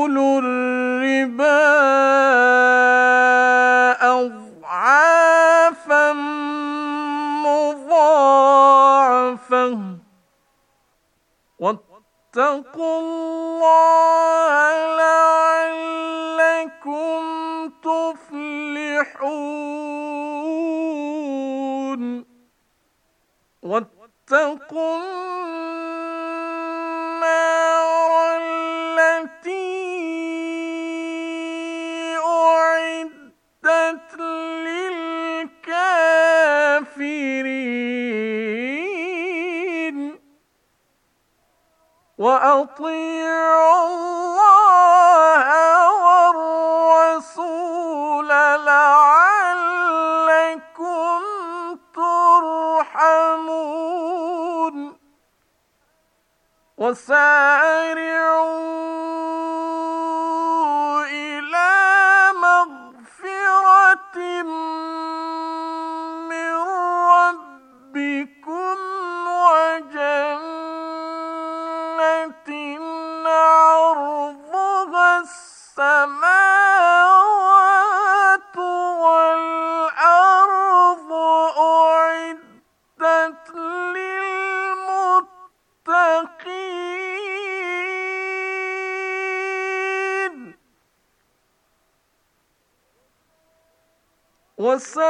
وَأَكُلُوا الرِّبَا أَضْعَافًا مُضَاعَفَةً وَاتَّقُوا اللَّهَ لَعَلَّكُمْ تُفْلِحُونَ وَاتَّقُوا وأطيعوا الله والرسول لعلكم ترحمون وسارعوا criança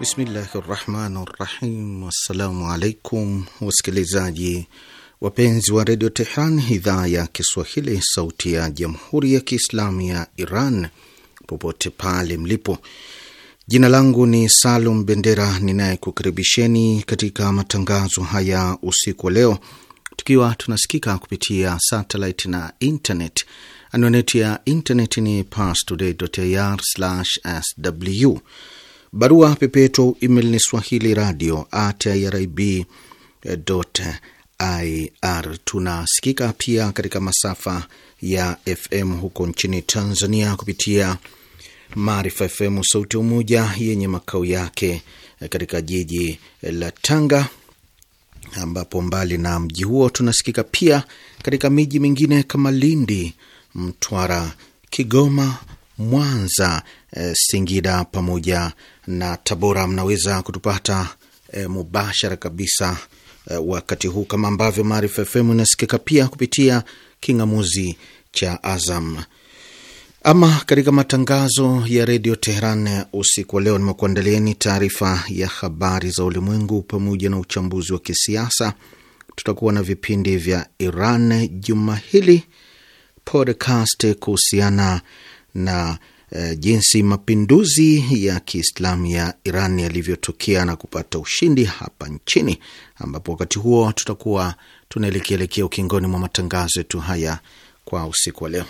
Bismillahi rahmani rahim. Wassalamu alaikum wasikilizaji wapenzi wa redio Tehran, idhaa ya Kiswahili, sauti ya jamhuri ya kiislamu ya Iran, popote pale mlipo. Jina langu ni Salum Bendera ninayekukaribisheni katika matangazo haya usiku wa leo, tukiwa tunasikika kupitia satellite na internet. Anwani ya internet ni parstoday.ir/sw Barua pepe yetu email ni swahili radio at irib ir. Tunasikika pia katika masafa ya FM huko nchini Tanzania kupitia Maarifa FM Sauti ya Umoja yenye makao yake katika jiji la Tanga, ambapo mbali na mji huo tunasikika pia katika miji mingine kama Lindi, Mtwara, Kigoma, Mwanza Eh, Singida pamoja na Tabora. Mnaweza kutupata e, mubashara kabisa e, wakati huu kama ambavyo Maarifa FM inasikika pia kupitia kingamuzi cha Azam. Ama katika matangazo ya redio Teheran usiku wa leo, nimekuandalieni taarifa ya habari za ulimwengu pamoja na uchambuzi wa kisiasa. Tutakuwa na vipindi vya Iran juma hili, podcast kuhusiana na Eh, jinsi mapinduzi ya Kiislamu ya Iran yalivyotokea na kupata ushindi hapa nchini, ambapo wakati huo tutakuwa tunaelekeelekea ukingoni mwa matangazo yetu haya kwa usiku wa leo.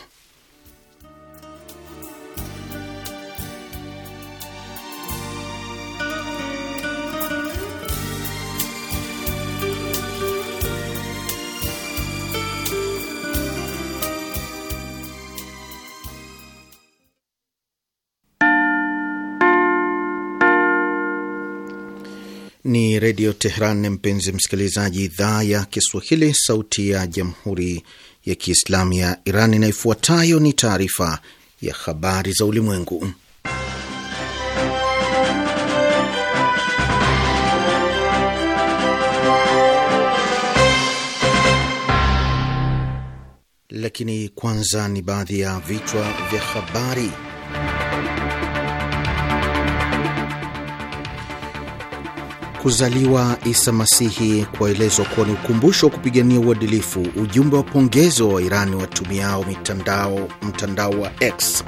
Redio Tehran, mpenzi msikilizaji, idhaa ya Kiswahili, sauti ya jamhuri ya Kiislamu ya Iran. Inayofuatayo ni taarifa ya habari za ulimwengu, lakini kwanza ni baadhi ya vichwa vya habari. Kuzaliwa Isa Masihi kwaelezwa kuwa ni ukumbusho wa kupigania uadilifu, ujumbe wa pongezi wa Wairani watumiao mitandao mtandao wa X.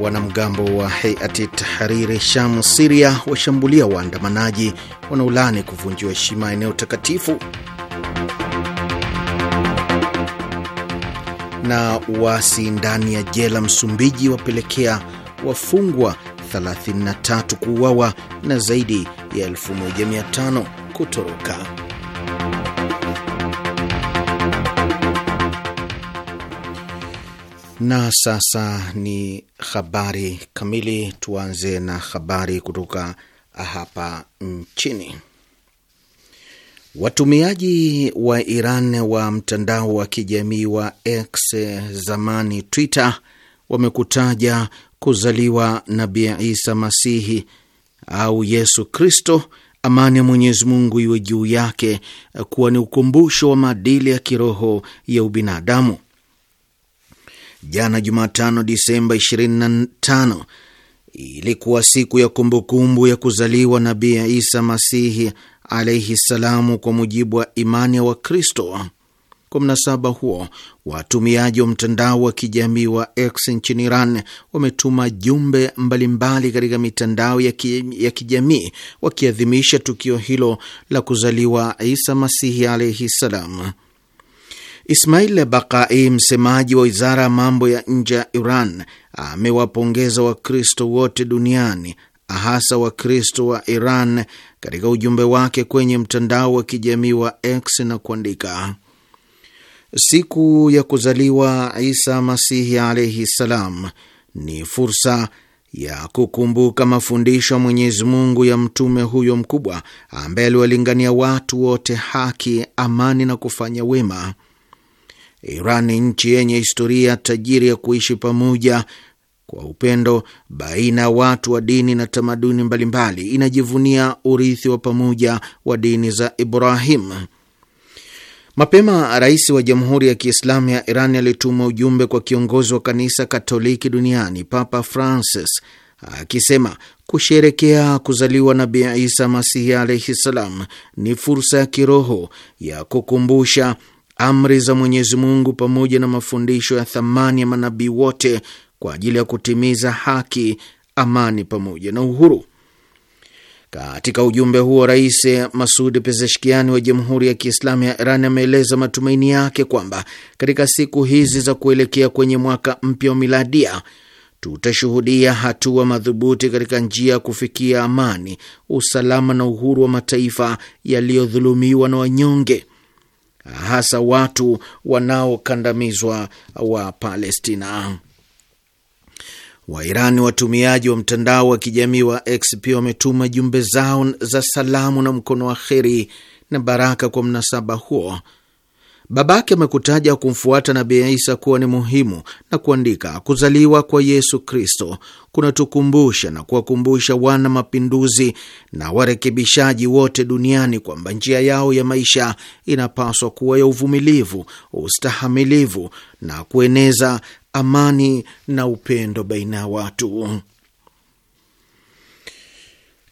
Wanamgambo wa Heiati Tahariri sham Siria washambulia waandamanaji wanaolani kuvunjiwa heshima eneo takatifu, na uasi ndani ya jela Msumbiji wapelekea wafungwa 33 kuuawa na zaidi ya 1500 kutoroka. Na sasa ni habari kamili. Tuanze na habari kutoka hapa nchini. Watumiaji wa Iran wa mtandao wa kijamii wa X zamani Twitter wamekutaja kuzaliwa Nabii Isa Masihi au Yesu Kristo, amani ya Mwenyezi Mungu iwe juu yake, kuwa ni ukumbusho wa maadili ya kiroho ya ubinadamu. Jana Jumatano, Disemba 25 ilikuwa siku ya kumbukumbu ya kuzaliwa Nabii Isa Masihi alaihi salamu, kwa mujibu wa imani ya Wakristo. Kwa mnasaba huo, watumiaji wa mtandao wa kijamii wa X nchini Iran wametuma jumbe mbalimbali katika mitandao ya, ki, ya kijamii wakiadhimisha tukio hilo la kuzaliwa Isa Masihi alaihi ssalam. Ismail Bakai, msemaji wa wizara ya mambo ya nje ya Iran, amewapongeza Wakristo wote duniani hasa Wakristo wa Iran katika ujumbe wake kwenye mtandao wa kijamii wa X na kuandika siku ya kuzaliwa Isa Masihi alaihi ssalam ni fursa ya kukumbuka mafundisho ya Mwenyezi Mungu ya mtume huyo mkubwa ambaye aliwalingania watu wote haki, amani na kufanya wema. Iran ni nchi yenye historia tajiri ya kuishi pamoja kwa upendo baina ya watu wa dini na tamaduni mbalimbali. Inajivunia urithi wa pamoja wa dini za Ibrahim. Mapema rais wa Jamhuri ya Kiislamu ya Iran alituma ujumbe kwa kiongozi wa kanisa Katoliki duniani Papa Francis akisema kusherekea kuzaliwa Nabii Isa Masihi alaihi ssalam ni fursa ya kiroho ya kukumbusha amri za Mwenyezi Mungu pamoja na mafundisho ya thamani ya manabii wote kwa ajili ya kutimiza haki, amani pamoja na uhuru. Katika ujumbe huo, Rais Masud Pezeshkiani wa Jamhuri ya Kiislamu ya Iran ameeleza matumaini yake kwamba katika siku hizi za kuelekea kwenye mwaka mpya wa miladia tutashuhudia hatua madhubuti katika njia ya kufikia amani, usalama na uhuru wa mataifa yaliyodhulumiwa na wanyonge, hasa watu wanaokandamizwa wa Palestina. Wairani watumiaji wa mtandao wa kijamii wa X pia wametuma jumbe zao za salamu na mkono wa kheri na baraka kwa mnasaba huo. Babake amekutaja kumfuata Nabii Isa kuwa ni muhimu na kuandika, kuzaliwa kwa Yesu Kristo kunatukumbusha na kuwakumbusha wana mapinduzi na warekebishaji wote duniani kwamba njia yao ya maisha inapaswa kuwa ya uvumilivu, ustahamilivu na kueneza amani na upendo baina ya watu.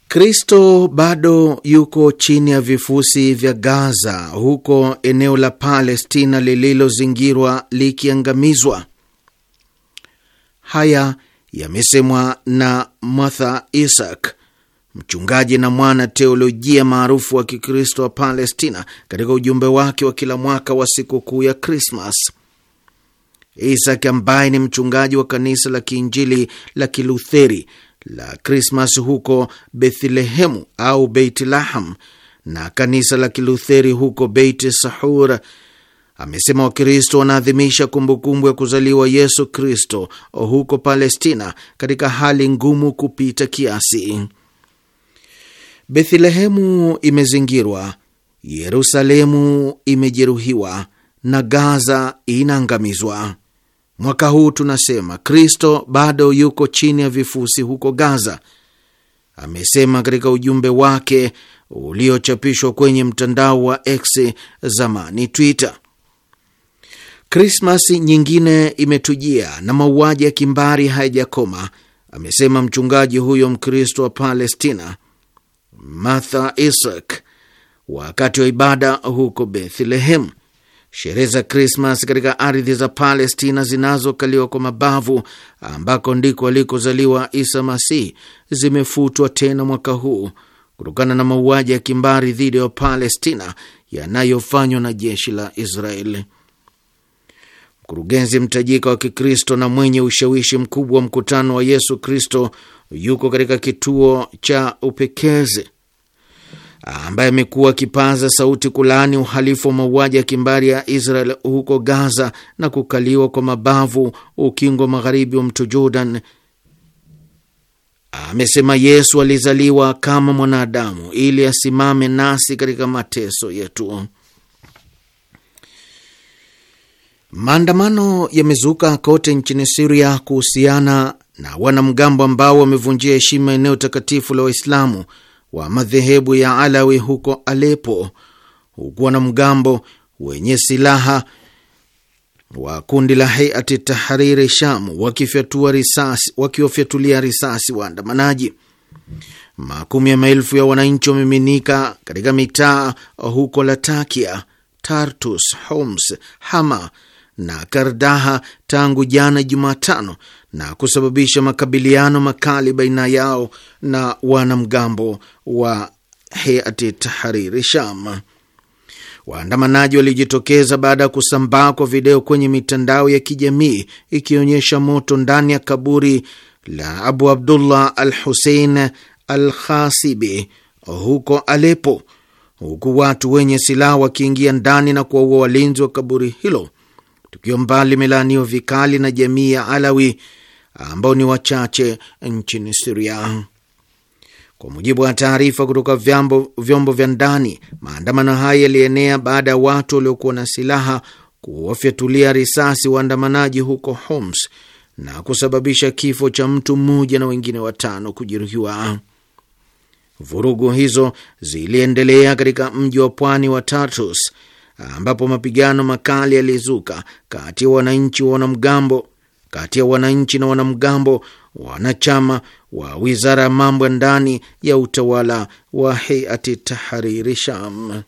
Kristo bado yuko chini ya vifusi vya Gaza, huko eneo la Palestina lililozingirwa likiangamizwa. Haya yamesemwa na Martha Isaac, mchungaji na mwana teolojia maarufu wa Kikristo wa Palestina, katika ujumbe wake wa kila mwaka wa sikukuu ya Krismas. Isak ambaye ni mchungaji wa kanisa la kiinjili la Kilutheri la Krismas huko Bethlehemu au Beit Laham na kanisa la Kilutheri huko Beit Sahur amesema Wakristo wanaadhimisha kumbukumbu ya kuzaliwa Yesu Kristo huko Palestina katika hali ngumu kupita kiasi. Bethlehemu imezingirwa, Yerusalemu imejeruhiwa na Gaza inaangamizwa. Mwaka huu tunasema Kristo bado yuko chini ya vifusi huko Gaza, amesema katika ujumbe wake uliochapishwa kwenye mtandao wa X, zamani Twitter. Krismasi nyingine imetujia na mauaji ya kimbari hayajakoma, amesema mchungaji huyo Mkristo wa Palestina Martha Isak wakati wa ibada huko Bethlehemu sherehe za Krismas katika ardhi za Palestina zinazokaliwa kwa mabavu ambako ndiko alikozaliwa Isa Masih zimefutwa tena mwaka huu kutokana na mauaji ya kimbari dhidi ya Palestina yanayofanywa na jeshi la Israeli. Mkurugenzi mtajika wa Kikristo na mwenye ushawishi mkubwa wa mkutano wa Yesu Kristo yuko katika kituo cha upekezi ambaye amekuwa akipaza sauti kulaani uhalifu wa mauaji ya kimbari ya Israel huko Gaza na kukaliwa kwa mabavu ukingo magharibi wa mto Jordan amesema Yesu alizaliwa kama mwanadamu ili asimame nasi katika mateso yetu. Maandamano yamezuka kote nchini Siria kuhusiana na wanamgambo ambao wamevunjia heshima eneo takatifu la Waislamu wa madhehebu ya Alawi huko Alepo, huku wanamgambo wenye silaha wa kundi la Haiati Tahariri Sham wakifyatulia risasi, wakiwafyatulia risasi waandamanaji. Makumi ya maelfu ya wananchi wamiminika katika mitaa huko Latakia, Tartus, Homs, Hama na Kardaha tangu jana Jumatano na kusababisha makabiliano makali baina yao na wanamgambo wa Heati Tahariri Sham. Waandamanaji walijitokeza baada ya kusambaa kwa video kwenye mitandao ya kijamii ikionyesha moto ndani ya kaburi la Abu Abdullah al Husein al Khasibi huko Alepo, huku watu wenye silaha wakiingia ndani na kuwaua walinzi wa kaburi hilo. Tukio mbali limelaaniwa vikali na jamii ya Alawi ambao ni wachache nchini Siria. Kwa mujibu wa taarifa kutoka vyombo, vyombo vya ndani, maandamano haya yalienea baada ya watu waliokuwa na silaha kuwafyatulia risasi waandamanaji huko Homs na kusababisha kifo cha mtu mmoja na wengine watano kujeruhiwa. Vurugu hizo ziliendelea katika mji wa pwani wa Tartus ambapo mapigano makali yalizuka kati ya wananchi wa wanamgambo kati ya wananchi na wanamgambo wanachama wa wizara ya mambo ya ndani ya utawala wa Heiati Tahariri Sham.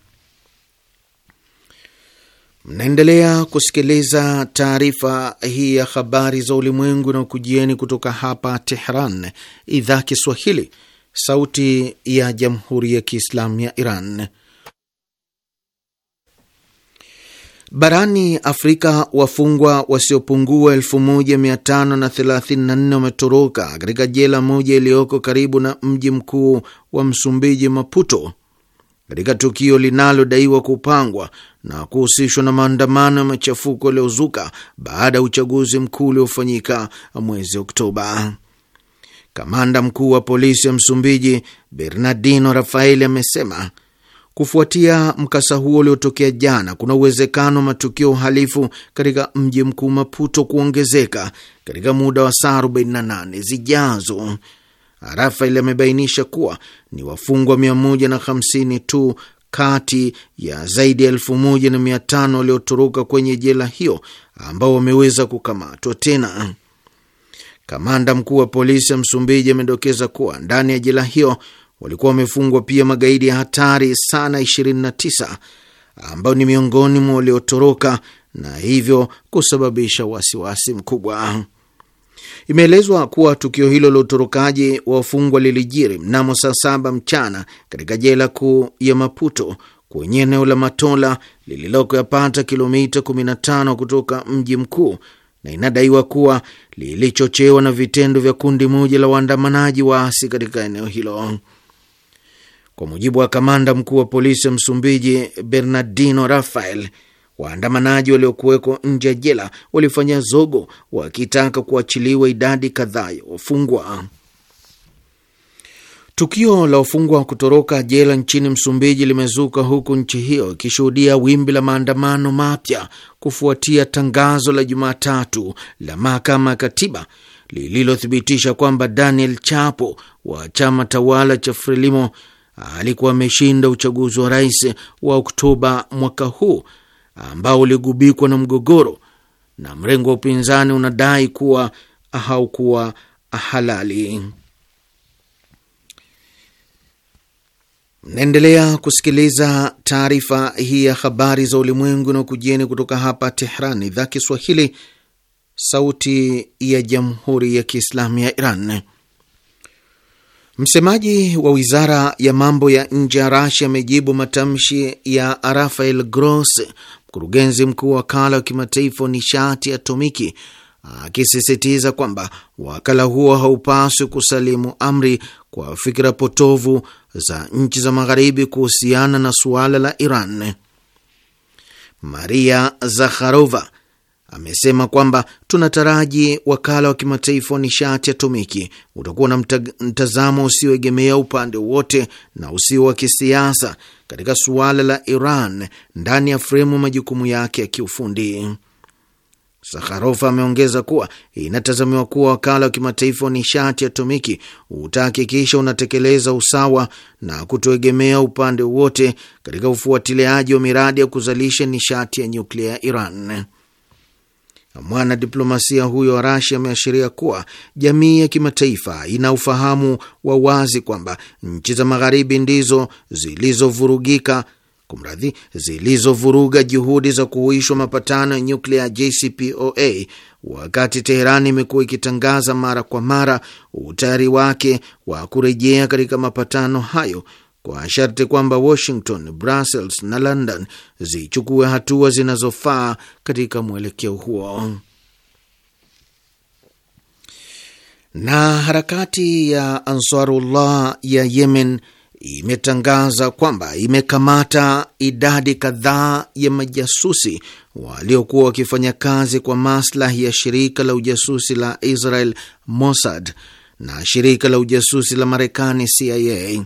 Mnaendelea kusikiliza taarifa hii ya habari za ulimwengu na ukujieni kutoka hapa Tehran, idhaa Kiswahili, sauti ya jamhuri ya kiislamu ya Iran. Barani Afrika, wafungwa wasiopungua 1534 wametoroka katika jela moja iliyoko karibu na mji mkuu wa Msumbiji, Maputo, katika tukio linalodaiwa kupangwa na kuhusishwa na maandamano ya machafuko yaliyozuka baada ya uchaguzi mkuu uliofanyika mwezi Oktoba. Kamanda mkuu wa polisi ya Msumbiji, Bernardino Rafael, amesema Kufuatia mkasa huo uliotokea jana, kuna uwezekano wa matukio ya uhalifu katika mji mkuu Maputo kuongezeka katika muda wa saa 48 zijazo. Rafael amebainisha kuwa ni wafungwa 150 tu kati ya zaidi ya elfu moja na mia tano waliotoroka kwenye jela hiyo ambao wameweza kukamatwa tena. Kamanda mkuu wa polisi ya Msumbiji amedokeza kuwa ndani ya jela hiyo walikuwa wamefungwa pia magaidi ya hatari sana 29 ambao ni miongoni mwa waliotoroka na hivyo kusababisha wasiwasi mkubwa. Imeelezwa kuwa tukio hilo la utorokaji wa wafungwa lilijiri mnamo saa saba mchana katika jela kuu ya Maputo kwenye eneo la Matola lililoko yapata kilomita 15 kutoka mji mkuu, na inadaiwa kuwa lilichochewa na vitendo vya kundi moja la waandamanaji waasi katika eneo hilo. Kwa mujibu wa kamanda mkuu wa polisi ya Msumbiji, Bernardino Rafael, waandamanaji waliokuweko nje ya jela walifanya zogo wakitaka kuachiliwa idadi kadhaa ya wafungwa. Tukio la wafungwa kutoroka jela nchini Msumbiji limezuka huku nchi hiyo ikishuhudia wimbi la maandamano mapya kufuatia tangazo la Jumatatu la mahakama ya katiba lililothibitisha kwamba Daniel Chapo wa chama tawala cha Frelimo alikuwa ameshinda uchaguzi wa rais wa Oktoba mwaka huu ambao uligubikwa na mgogoro, na mrengo wa upinzani unadai kuwa haukuwa halali. Mnaendelea kusikiliza taarifa hii ya habari za ulimwengu na kujieni kutoka hapa Tehran, idhaa Kiswahili, sauti ya jamhuri ya kiislamu ya Iran. Msemaji wa wizara ya mambo ya nje ya Rasia amejibu matamshi ya Rafael Gross, mkurugenzi mkuu wa wakala wa kimataifa wa nishati atomiki, akisisitiza kwamba wakala huo haupaswi kusalimu amri kwa fikira potovu za nchi za Magharibi kuhusiana na suala la Iran. Maria Zakharova amesema kwamba tunataraji wakala wa kimataifa wa nishati ya atomiki utakuwa na mtazamo usioegemea upande wote na usio wa kisiasa katika suala la Iran ndani ya fremu majukumu yake ya kiufundi. Sakharov ameongeza kuwa inatazamiwa kuwa wakala wa kimataifa wa nishati ya atomiki utahakikisha unatekeleza usawa na kutoegemea upande wote katika ufuatiliaji wa miradi ya kuzalisha nishati ya nyuklia ya Iran mwana mwanadiplomasia huyo wa Rasia ameashiria kuwa jamii ya kimataifa ina ufahamu wa wazi kwamba nchi za Magharibi ndizo zilizovurugika kumradhi, zilizovuruga juhudi za kuhuishwa mapatano ya nyuklia ya JCPOA, wakati Teherani imekuwa ikitangaza mara kwa mara utayari wake wa kurejea katika mapatano hayo kwa sharti kwamba Washington, Brussels na London zichukue hatua zinazofaa katika mwelekeo huo. Na harakati ya Ansarullah ya Yemen imetangaza kwamba imekamata idadi kadhaa ya majasusi waliokuwa wakifanya kazi kwa maslahi ya shirika la ujasusi la Israel Mossad na shirika la ujasusi la Marekani CIA.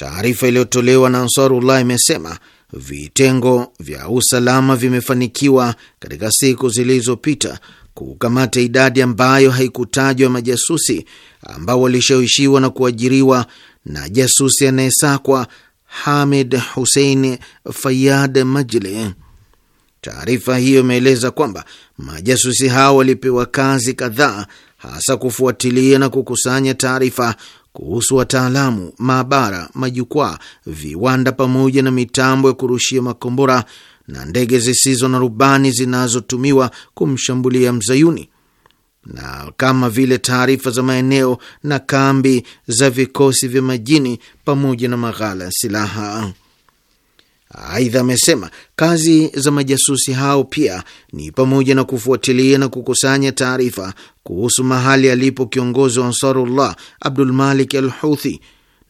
Taarifa iliyotolewa na Ansarullah imesema vitengo vya usalama vimefanikiwa katika siku zilizopita kukamata idadi ambayo haikutajwa majasusi ambao walishawishiwa na kuajiriwa na jasusi anayesakwa Hamid Hussein Fayad Majli. Taarifa hiyo imeeleza kwamba majasusi hao walipewa kazi kadhaa, hasa kufuatilia na kukusanya taarifa kuhusu wataalamu, maabara, majukwaa, viwanda pamoja na mitambo ya kurushia makombora na ndege zisizo na rubani zinazotumiwa kumshambulia mzayuni na kama vile taarifa za maeneo na kambi za vikosi vya majini pamoja na maghala ya silaha. Aidha, amesema kazi za majasusi hao pia ni pamoja na kufuatilia na kukusanya taarifa kuhusu mahali alipo kiongozi wa Ansarullah Abdul Malik al Houthi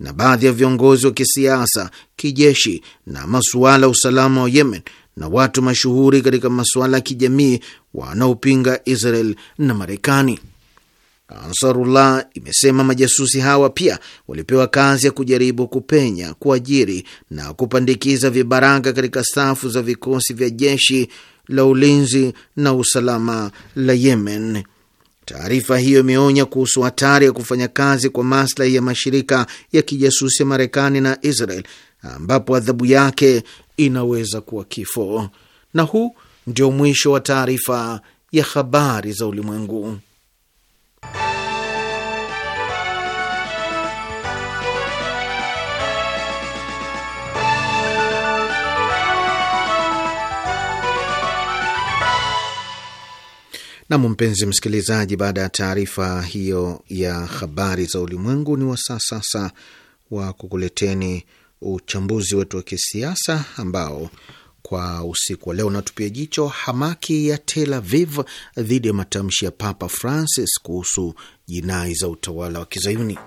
na baadhi ya viongozi wa kisiasa, kijeshi na masuala ya usalama wa Yemen na watu mashuhuri katika masuala ya kijamii wanaopinga Israel na Marekani. Ansarullah imesema majasusi hawa pia walipewa kazi ya kujaribu kupenya, kuajiri na kupandikiza vibaraka katika safu za vikosi vya jeshi la ulinzi na usalama la Yemen. Taarifa hiyo imeonya kuhusu hatari ya kufanya kazi kwa maslahi ya mashirika ya kijasusi ya Marekani na Israel, ambapo adhabu yake inaweza kuwa kifo. Na huu ndio mwisho wa taarifa ya habari za ulimwengu. Nam, mpenzi msikilizaji, baada ya taarifa hiyo ya habari za ulimwengu, ni wasaa sasa wa kukuleteni uchambuzi wetu wa kisiasa ambao kwa usiku wa leo. Natupia jicho hamaki ya Tel Aviv dhidi ya matamshi ya Papa Francis kuhusu jinai za utawala wa Kizayuni.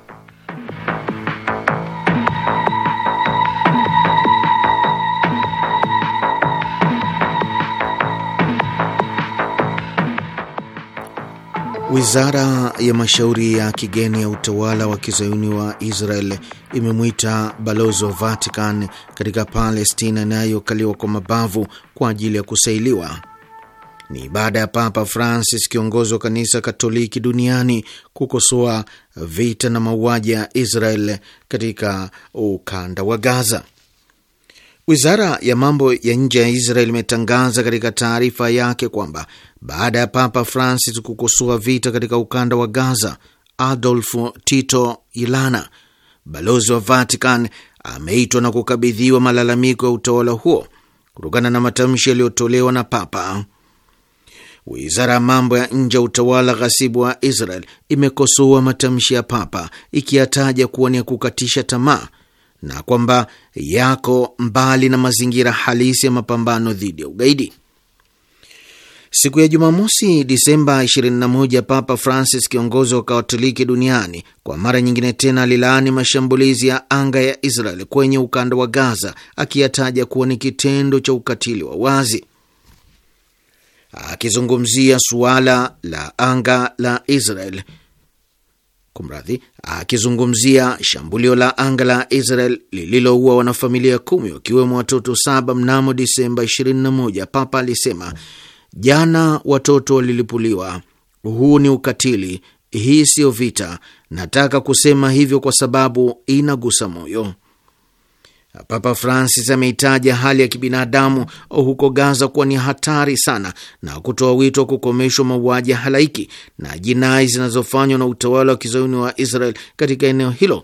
Wizara ya mashauri ya kigeni ya utawala wa kizayuni wa Israel imemwita balozi wa Vatican katika Palestina inayokaliwa kwa mabavu kwa ajili ya kusailiwa. Ni baada ya Papa Francis, kiongozi wa kanisa Katoliki duniani, kukosoa vita na mauaji ya Israel katika ukanda wa Gaza. Wizara ya mambo ya nje ya Israel imetangaza katika taarifa yake kwamba baada ya Papa Francis kukosoa vita katika ukanda wa Gaza, Adolf Tito Ilana, balozi wa Vatican, ameitwa na kukabidhiwa malalamiko ya utawala huo kutokana na matamshi yaliyotolewa na Papa. Wizara ya mambo ya nje ya utawala ghasibu wa Israel imekosoa matamshi ya Papa ikiyataja kuwa ni ya kukatisha tamaa na kwamba yako mbali na mazingira halisi ya mapambano dhidi ya ugaidi. Siku ya Jumamosi, Disemba 21, Papa Francis, kiongozi wa Katoliki duniani, kwa mara nyingine tena alilaani mashambulizi ya anga ya Israel kwenye ukanda wa Gaza, akiyataja kuwa ni kitendo cha ukatili wa wazi. Akizungumzia suala la anga la Israel, Kumradhi, akizungumzia shambulio la anga la Israel lililoua wanafamilia kumi wakiwemo watoto saba mnamo Disemba 21, Papa alisema jana, watoto walilipuliwa. Huu ni ukatili, hii siyo vita. Nataka kusema hivyo kwa sababu inagusa moyo. Papa Francis ameitaja hali ya kibinadamu huko Gaza kuwa ni hatari sana na kutoa wito wa kukomeshwa mauaji ya halaiki na jinai zinazofanywa na utawala wa kizayuni wa Israel katika eneo hilo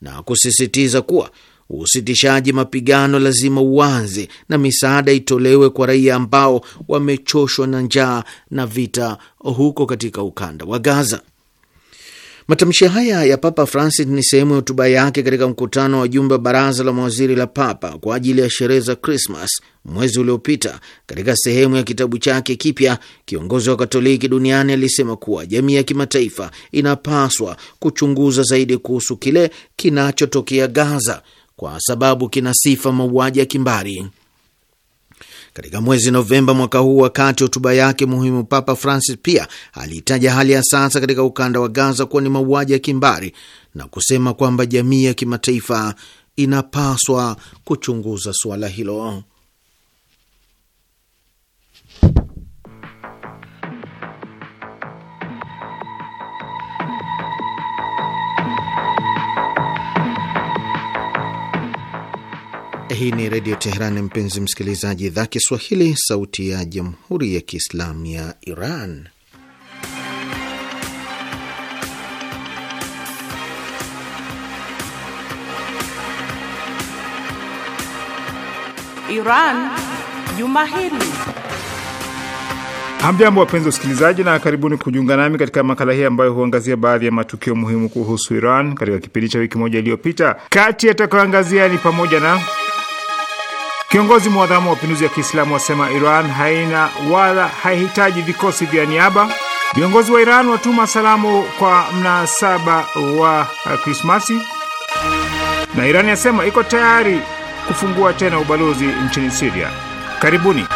na kusisitiza kuwa usitishaji mapigano lazima uanze na misaada itolewe kwa raia ambao wamechoshwa na njaa na vita huko katika ukanda wa Gaza. Matamshi haya ya Papa Francis ni sehemu ya hotuba yake katika mkutano wa jumbe wa baraza la mawaziri la Papa kwa ajili ya sherehe za Krismas mwezi uliopita. Katika sehemu ya kitabu chake kipya, kiongozi wa Katoliki duniani alisema kuwa jamii ya kimataifa inapaswa kuchunguza zaidi kuhusu kile kinachotokea Gaza kwa sababu kinasifa mauaji ya kimbari. Katika mwezi Novemba mwaka huu, wakati hotuba yake muhimu, Papa Francis pia aliitaja hali ya sasa katika ukanda wa Gaza kuwa ni mauaji ya kimbari na kusema kwamba jamii ya kimataifa inapaswa kuchunguza suala hilo. Hii ni Redio Teheran, mpenzi msikilizaji, idhaa Kiswahili, sauti ya jamhuri ya kiislamu ya Iran. Iran Juma Hili. Hamjambo wapenzi usikilizaji na karibuni kujiunga nami katika makala hii ambayo huangazia baadhi ya matukio muhimu kuhusu Iran katika kipindi cha wiki moja iliyopita. Kati yatakayoangazia ni pamoja na Kiongozi mwadhamu wa mapinduzi ya Kiislamu wasema Iran haina wala haihitaji vikosi vya niaba. Viongozi wa Iran watuma salamu kwa mnasaba wa Krismasi, na Iran yasema iko tayari kufungua tena ubalozi nchini Siria. Karibuni.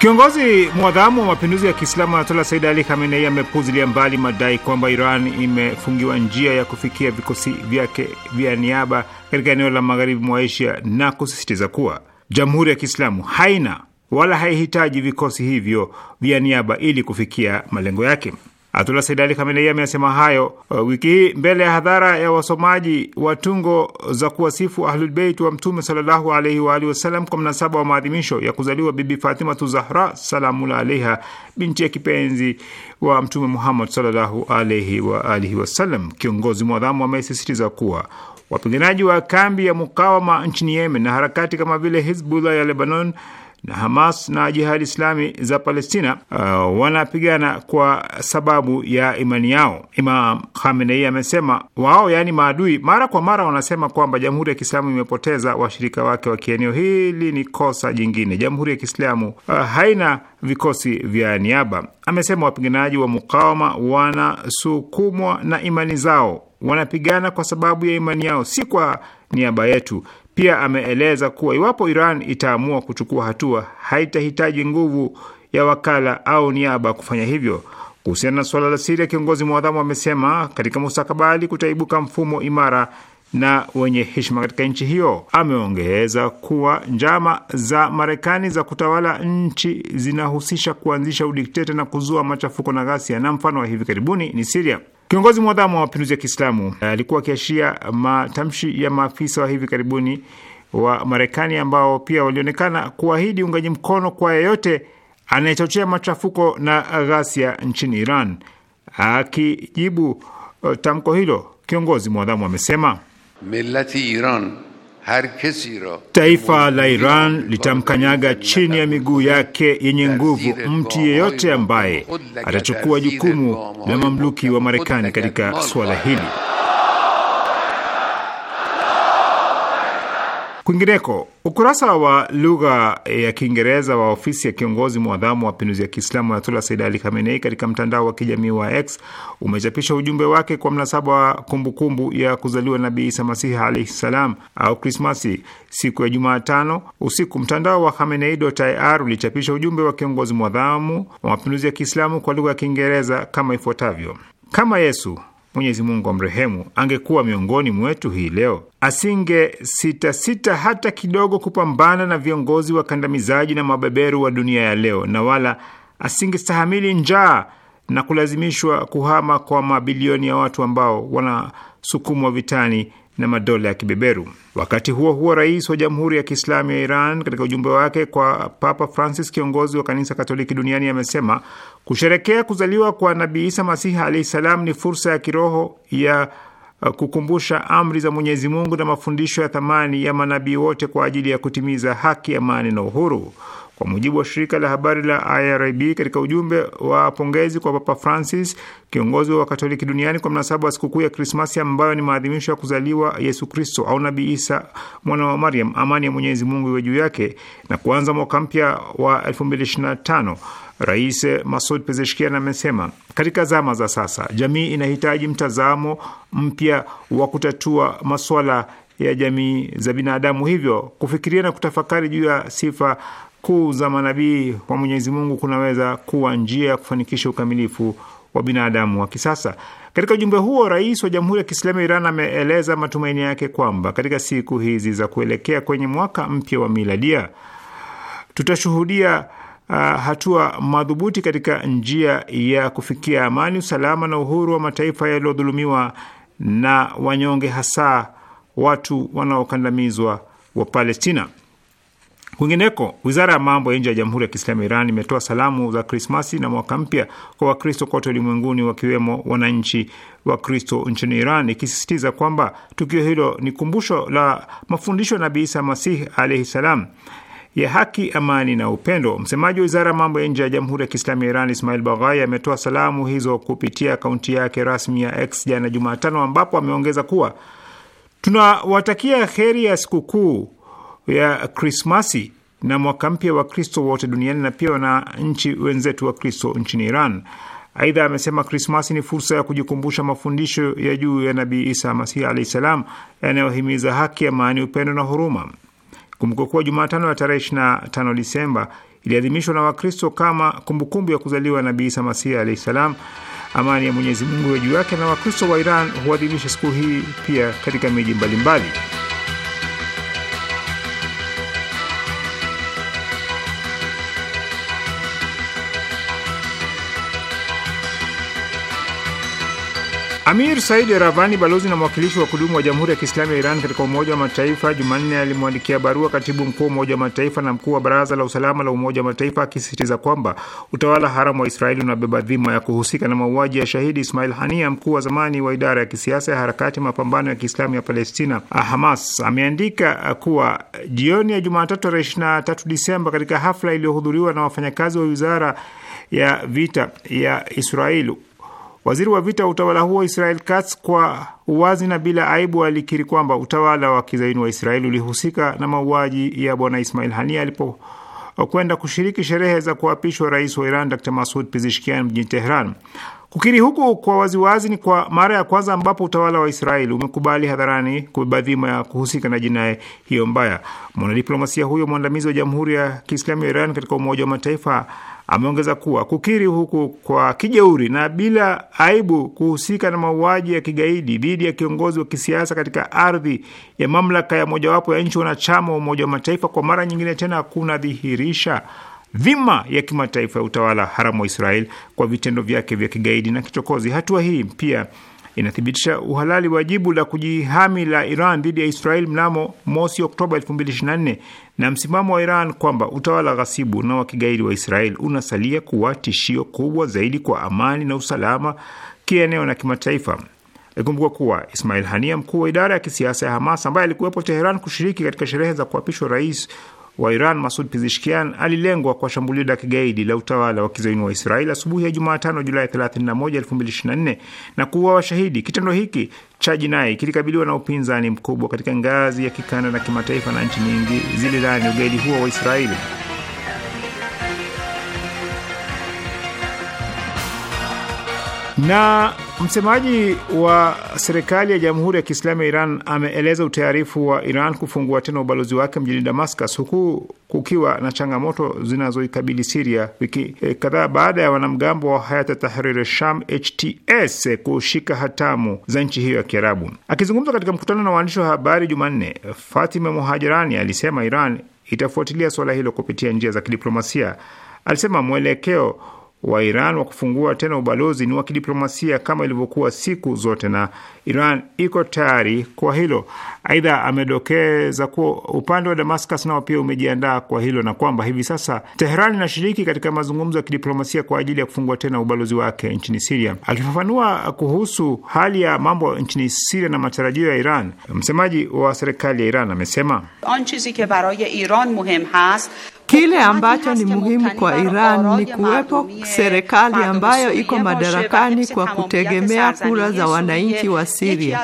Kiongozi mwadhamu wa mapinduzi ya Kiislamu anatola Said Ali Khamenei amepuzilia mbali madai kwamba Iran imefungiwa njia ya kufikia vikosi vyake vya niaba katika eneo la magharibi mwa Asia na kusisitiza kuwa jamhuri ya Kiislamu haina wala haihitaji vikosi hivyo vya niaba ili kufikia malengo yake. Atula Said Ali Khamenei amesema hayo uh, wiki hii mbele ya hadhara ya wasomaji wa tungo za kuwasifu Ahlulbeit wa Mtume sallallahu alaihi wa alihi wasallam kwa mnasaba wa maadhimisho ya kuzaliwa Bibi Fatimatu Zahra salamula alaiha, binti ya kipenzi wa Mtume Muhammad sallallahu alaihi wa alihi wasallam. Kiongozi mwadhamu amesisitiza kuwa wapiganaji wa kambi ya mukawama nchini Yemen na harakati kama vile Hizbullah ya Lebanon na Hamas na Jihadi Islami za Palestina uh, wanapigana kwa sababu ya imani yao. Imam Khamenei amesema wao, yaani maadui, mara kwa mara wanasema kwamba Jamhuri ya Kiislamu imepoteza washirika wake wa kieneo. Hili ni kosa jingine. Jamhuri ya Kiislamu uh, haina vikosi vya niaba. Amesema wapiganaji wa mukawama wanasukumwa na imani zao, wanapigana kwa sababu ya imani yao, si kwa niaba yetu. Pia ameeleza kuwa iwapo Iran itaamua kuchukua hatua, haitahitaji nguvu ya wakala au niaba kufanya hivyo. Kuhusiana na suala la Siria, kiongozi mwadhamu amesema katika mustakabali kutaibuka mfumo imara na wenye heshima katika nchi hiyo. Ameongeza kuwa njama za Marekani za kutawala nchi zinahusisha kuanzisha udikteta na kuzua machafuko na ghasia, na mfano wa hivi karibuni ni Siria. Kiongozi mwadhamu wa mapinduzi ya Kiislamu eh, alikuwa akiashia matamshi ya maafisa wa hivi karibuni wa Marekani ambao pia walionekana kuahidi uungaji mkono kwa yeyote anayechochea machafuko na ghasia nchini Iran. Akijibu eh, tamko hilo, kiongozi mwadhamu amesema millati Iran Taifa la Iran litamkanyaga chini ya miguu yake yenye nguvu mtu yeyote ambaye atachukua jukumu la mamluki wa Marekani katika suala hili. Kwingineko, ukurasa wa lugha eh, ya Kiingereza wa ofisi ya kiongozi mwadhamu wa mapinduzi ya Kiislamu Ayatullah Said Ali Khamenei katika mtandao wa kijamii wa X umechapisha ujumbe wake kwa mnasaba wa kumbukumbu ya kuzaliwa Nabii Isa Masihi alaihi salam au Krismasi siku ya Jumatano usiku. Mtandao wa Khamenei.ir ulichapisha ujumbe wa kiongozi mwadhamu wa mapinduzi ya Kiislamu kwa lugha ya Kiingereza kama ifuatavyo: kama Yesu Mwenyezi Mungu amrehemu, angekuwa miongoni mwetu hii leo, asingesitasita hata kidogo kupambana na viongozi wakandamizaji na mabeberu wa dunia ya leo, na wala asingestahamili njaa na kulazimishwa kuhama kwa mabilioni ya watu ambao wanasukumwa vitani na madola ya kibeberu. Wakati huo huo, rais wa Jamhuri ya Kiislamu ya Iran katika ujumbe wake kwa Papa Francis, kiongozi wa kanisa Katoliki duniani, amesema kusherekea kuzaliwa kwa Nabii Isa Masihi alahi salam ni fursa ya kiroho ya uh, kukumbusha amri za Mwenyezi Mungu na mafundisho ya thamani ya manabii wote kwa ajili ya kutimiza haki, amani na uhuru. Kwa mujibu wa shirika la habari la IRIB, katika ujumbe wa pongezi kwa Papa Francis, kiongozi wa Katoliki duniani, kwa mnasaba wa sikukuu ya Krismasi ambayo ni maadhimisho ya kuzaliwa Yesu Kristo au Nabii Isa mwana wa Mariam, amani ya Mwenyezi Mungu iwe juu yake, na kuanza mwaka mpya wa 2025 Rais Masud Pezeshkian amesema katika zama za sasa jamii inahitaji mtazamo mpya wa kutatua masuala ya jamii za binadamu, hivyo kufikiria na kutafakari juu ya sifa kuu za manabii wa Mwenyezi Mungu kunaweza kuwa njia ya kufanikisha ukamilifu wa binadamu wa kisasa. Katika ujumbe huo, rais wa Jamhuri ya Kiislamu ya Iran ameeleza matumaini yake kwamba katika siku hizi za kuelekea kwenye mwaka mpya wa miladia tutashuhudia uh, hatua madhubuti katika njia ya kufikia amani, usalama na uhuru wa mataifa yaliyodhulumiwa na wanyonge, hasa watu wanaokandamizwa wa Palestina. Kwingineko, wizara ya mambo ya nje ya Jamhuri ya Kiislamu ya Iran imetoa salamu za Krismasi na mwaka mpya kwa Wakristo kote ulimwenguni, wakiwemo wananchi wa Kristo nchini Iran, ikisisitiza kwamba tukio hilo ni kumbusho la mafundisho ya Nabii Isa Masihi alaihi salam ya haki, amani na upendo. Msemaji wa wizara ya mambo ya nje ya Jamhuri ya Kiislamu ya Iran Ismail Baghai ametoa salamu hizo kupitia akaunti yake rasmi ya X jana Jumatano, ambapo ameongeza kuwa tunawatakia heri ya sikukuu ya Krismasi na mwaka mpya wa Kristo wote duniani na pia nchi wenzetu wa Kristo nchini Iran. Aidha amesema Krismasi ni fursa ya kujikumbusha mafundisho ya juu ya Nabii Isa Masihi alahi salam yanayohimiza haki, amani, upendo na huruma. Kumbuka kuwa Jumatano ya tarehe 25 Disemba iliadhimishwa na Wakristo kama kumbukumbu ya kuzaliwa Nabii Isa Masihi alahi salam, amani ya Mwenyezi Mungu ya juu yake, na Wakristo wa Iran huadhimisha siku hii pia katika miji mbalimbali. Amir Saidi Ravani, balozi na mwakilishi wa kudumu wa Jamhuri ya Kiislamu ya Iran katika Umoja wa Mataifa, Jumanne alimwandikia barua katibu mkuu wa Umoja wa Mataifa na mkuu wa Baraza la Usalama la Umoja wa Mataifa akisisitiza kwamba utawala haramu wa Israeli unabeba dhima ya kuhusika na mauaji ya shahidi Ismail Hania, mkuu wa zamani wa idara ya kisiasa ya harakati mapambano ya Kiislamu ya Palestina Hamas. Ameandika kuwa jioni ya Jumatatu tarehe 23 Disemba, katika hafla iliyohudhuriwa na wafanyakazi wa wizara ya vita ya Israeli Waziri wa vita wa utawala huo Israel Katz kwa uwazi na bila aibu alikiri kwamba utawala wa kizaini wa Israel ulihusika na mauaji ya bwana Ismail Hania alipokwenda kushiriki sherehe za kuapishwa rais wa Iran Dr Masud pizishkian mjini Tehran. Kukiri huku kwa waziwazi ni kwa mara ya kwanza ambapo utawala wa Israeli umekubali hadharani kubeba dhima ya kuhusika na jinai hiyo mbaya. Mwanadiplomasia huyo mwandamizi wa Jamhuri ya Kiislamu ya Iran katika Umoja wa Mataifa Ameongeza kuwa kukiri huku kwa kijeuri na bila aibu kuhusika na mauaji ya kigaidi dhidi ya kiongozi wa kisiasa katika ardhi ya mamlaka ya mojawapo ya nchi wanachama wa Umoja wa Mataifa kwa mara nyingine tena kunadhihirisha dhima ya kimataifa ya utawala haramu wa Israel kwa vitendo vyake vya kigaidi na kichokozi. Hatua hii pia inathibitisha uhalali wa jibu la kujihami la Iran dhidi ya Israel mnamo mosi Oktoba 2024 na msimamo wa Iran kwamba utawala ghasibu na wa kigaidi wa Israel unasalia kuwa tishio kubwa zaidi kwa amani na usalama kieneo na kimataifa. Ikumbuka kuwa Ismail Hania, mkuu wa idara ya kisiasa ya Hamas ambaye alikuwepo Teheran kushiriki katika sherehe za kuapishwa rais wa Iran Masud Pizishkian alilengwa kwa shambulio la kigaidi la utawala wa kizaini wa Israeli asubuhi ya Jumatano Julai 31, 2024 na kuwa washahidi. Kitendo hiki cha jinai kilikabiliwa na upinzani mkubwa katika ngazi ya kikanda na kimataifa, na nchi nyingi zililaani ugaidi huo wa Israeli. Na msemaji wa serikali ya Jamhuri ya Kiislamu ya Iran ameeleza utayarifu wa Iran kufungua tena ubalozi wake mjini Damascus huku kukiwa na changamoto zinazoikabili Siria wiki e, kadhaa baada ya wanamgambo wa Hayat Tahrir Sham HTS kushika hatamu za nchi hiyo ya Kiarabu. Akizungumza katika mkutano na waandishi wa habari Jumanne, Fatima Muhajirani alisema Iran itafuatilia suala hilo kupitia njia za kidiplomasia. Alisema mwelekeo wa Iran wa kufungua tena ubalozi ni wa kidiplomasia kama ilivyokuwa siku zote, na Iran iko tayari kwa hilo. Aidha, amedokeza kuwa upande wa Damascus nao pia umejiandaa kwa hilo na kwamba hivi sasa Teheran inashiriki katika mazungumzo ya kidiplomasia kwa ajili ya kufungua tena ubalozi wake nchini Siria. Akifafanua kuhusu hali ya mambo nchini Siria na matarajio ya Iran, msemaji wa serikali ya Iran amesema Kile ambacho ni muhimu kwa Iran ni kuwepo serikali ambayo iko madarakani kwa kutegemea kura za wananchi wa Siria,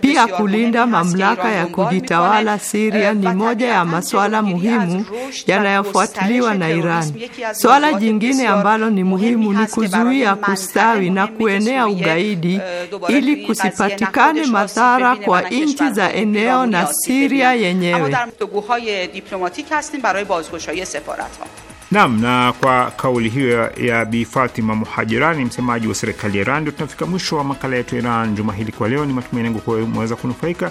pia kulinda mamlaka mamlaka ya kujitawala Siria ni moja ya masuala muhimu yanayofuatiliwa na Iran. Suala jingine ambalo ni muhimu ni kuzuia kustawi na kuenea ugaidi ili kusipatikane madhara kwa nchi za eneo na Siria yenyewe. Nam, na kwa kauli hiyo ya Bi Fatima Muhajirani, msemaji wa serikali ya Iran, ndio tunafika mwisho wa makala yetu ya Iran juma hili. Kwa leo, ni matumaini yangu kuwa umeweza kunufaika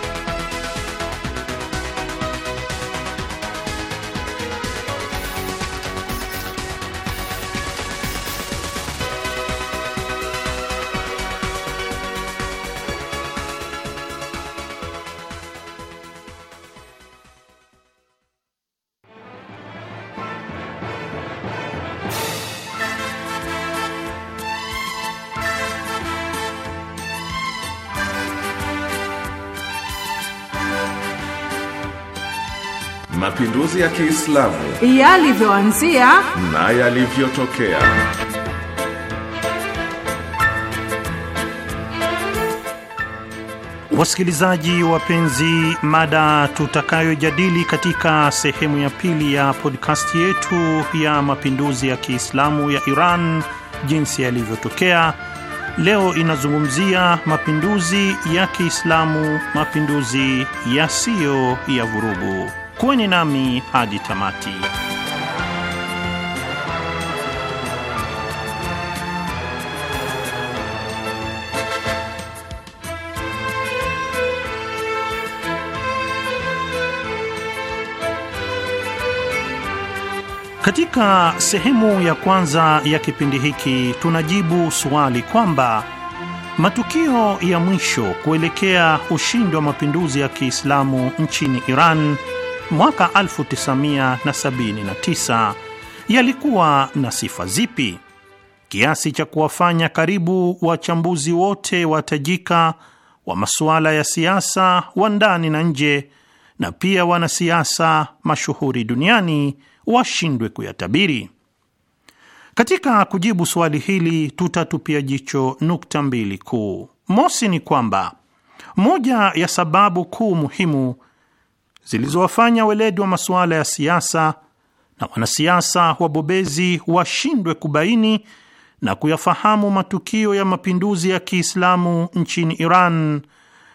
ya Kiislamu yalivyoanzia na yalivyotokea. Wasikilizaji wapenzi, mada tutakayojadili katika sehemu ya pili ya podcast yetu ya mapinduzi ya Kiislamu ya Iran jinsi yalivyotokea leo inazungumzia mapinduzi ya Kiislamu, mapinduzi yasiyo ya vurugu. Kuweni nami hadi tamati. Katika sehemu ya kwanza ya kipindi hiki tunajibu suali kwamba matukio ya mwisho kuelekea ushindi wa mapinduzi ya Kiislamu nchini Iran mwaka 1979 yalikuwa na sifa zipi kiasi cha kuwafanya karibu wachambuzi wote watajika wa masuala ya siasa wa ndani na nje na pia wanasiasa mashuhuri duniani washindwe kuyatabiri. Katika kujibu swali hili, tutatupia jicho nukta mbili kuu. Mosi ni kwamba moja ya sababu kuu muhimu zilizowafanya weledi wa masuala ya siasa na wanasiasa wabobezi washindwe kubaini na kuyafahamu matukio ya mapinduzi ya Kiislamu nchini Iran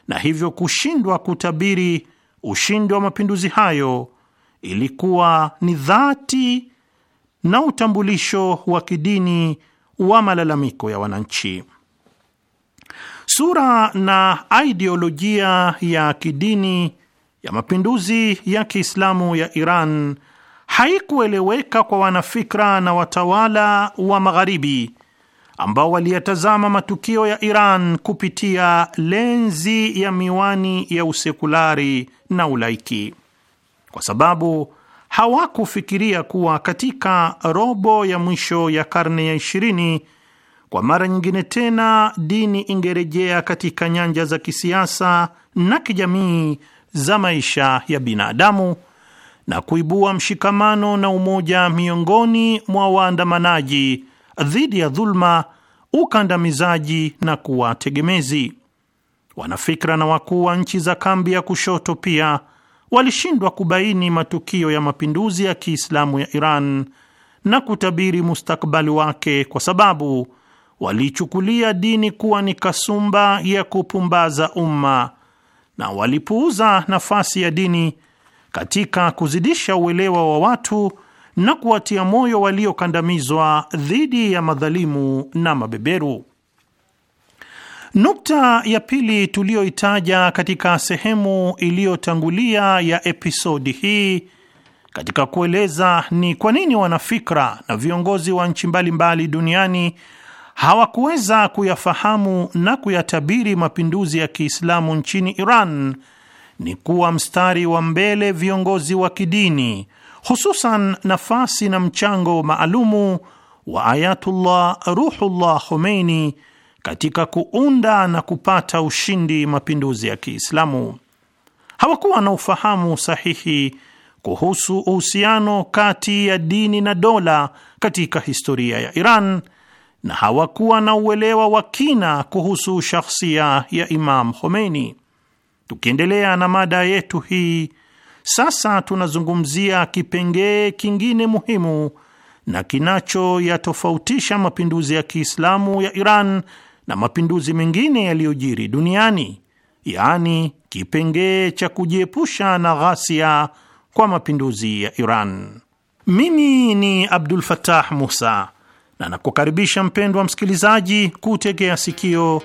na hivyo kushindwa kutabiri ushindi wa mapinduzi hayo ilikuwa ni dhati na utambulisho wa kidini wa malalamiko ya wananchi. Sura na ideolojia ya kidini ya mapinduzi ya Kiislamu ya Iran haikueleweka kwa wanafikra na watawala wa Magharibi ambao waliyatazama matukio ya Iran kupitia lenzi ya miwani ya usekulari na ulaiki, kwa sababu hawakufikiria kuwa katika robo ya mwisho ya karne ya ishirini kwa mara nyingine tena dini ingerejea katika nyanja za kisiasa na kijamii za maisha ya binadamu na kuibua mshikamano na umoja miongoni mwa waandamanaji dhidi ya dhulma, ukandamizaji na kuwa tegemezi. Wanafikra na wakuu wa nchi za kambi ya kushoto pia walishindwa kubaini matukio ya mapinduzi ya Kiislamu ya Iran na kutabiri mustakbali wake kwa sababu walichukulia dini kuwa ni kasumba ya kupumbaza umma na walipuuza nafasi ya dini katika kuzidisha uelewa wa watu na kuwatia moyo waliokandamizwa dhidi ya madhalimu na mabeberu. Nukta ya pili tuliyoitaja katika sehemu iliyotangulia ya episodi hii katika kueleza ni kwa nini wanafikra na viongozi wa nchi mbalimbali duniani hawakuweza kuyafahamu na kuyatabiri mapinduzi ya Kiislamu nchini Iran ni kuwa mstari wa mbele viongozi wa kidini, hususan nafasi na mchango maalumu wa Ayatullah Ruhullah Khomeini katika kuunda na kupata ushindi mapinduzi ya Kiislamu. Hawakuwa na ufahamu sahihi kuhusu uhusiano kati ya dini na dola katika historia ya Iran na hawakuwa na uelewa wa kina kuhusu shahsia ya Imam Khomeini. Tukiendelea na mada yetu hii, sasa tunazungumzia kipengee kingine muhimu na kinachoyatofautisha mapinduzi ya Kiislamu ya Iran na mapinduzi mengine yaliyojiri duniani, yaani kipengee cha kujiepusha na ghasia kwa mapinduzi ya Iran. Mimi ni Abdul Fattah Musa na nakukaribisha mpendwa msikilizaji kutegea sikio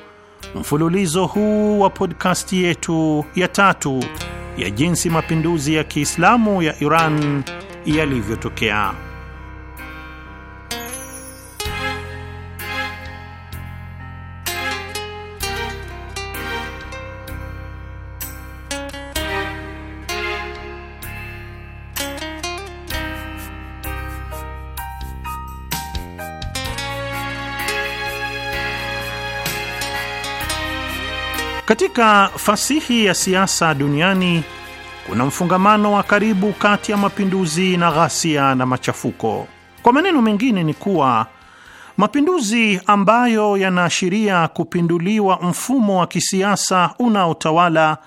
mfululizo huu wa podkasti yetu ya tatu ya jinsi mapinduzi ya Kiislamu ya Iran yalivyotokea. Katika fasihi ya siasa duniani kuna mfungamano wa karibu kati ya mapinduzi na ghasia na machafuko. Kwa maneno mengine ni kuwa mapinduzi ambayo yanaashiria kupinduliwa mfumo wa kisiasa unaotawala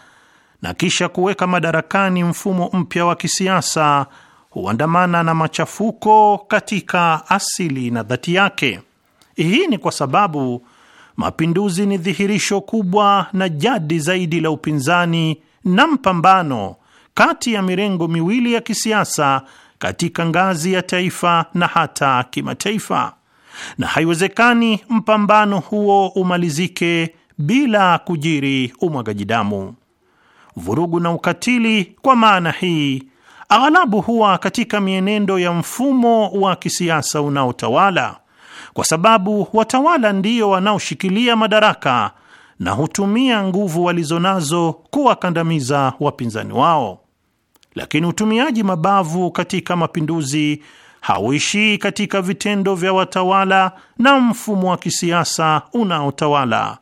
na kisha kuweka madarakani mfumo mpya wa kisiasa huandamana na machafuko katika asili na dhati yake. Hii ni kwa sababu mapinduzi ni dhihirisho kubwa na jadi zaidi la upinzani na mpambano kati ya mirengo miwili ya kisiasa katika ngazi ya taifa na hata kimataifa, na haiwezekani mpambano huo umalizike bila kujiri umwagaji damu, vurugu na ukatili. Kwa maana hii, aghalabu huwa katika mienendo ya mfumo wa kisiasa unaotawala kwa sababu watawala ndio wanaoshikilia madaraka na hutumia nguvu walizonazo kuwakandamiza wapinzani wao. Lakini utumiaji mabavu katika mapinduzi hauishii katika vitendo vya watawala na mfumo wa kisiasa unaotawala,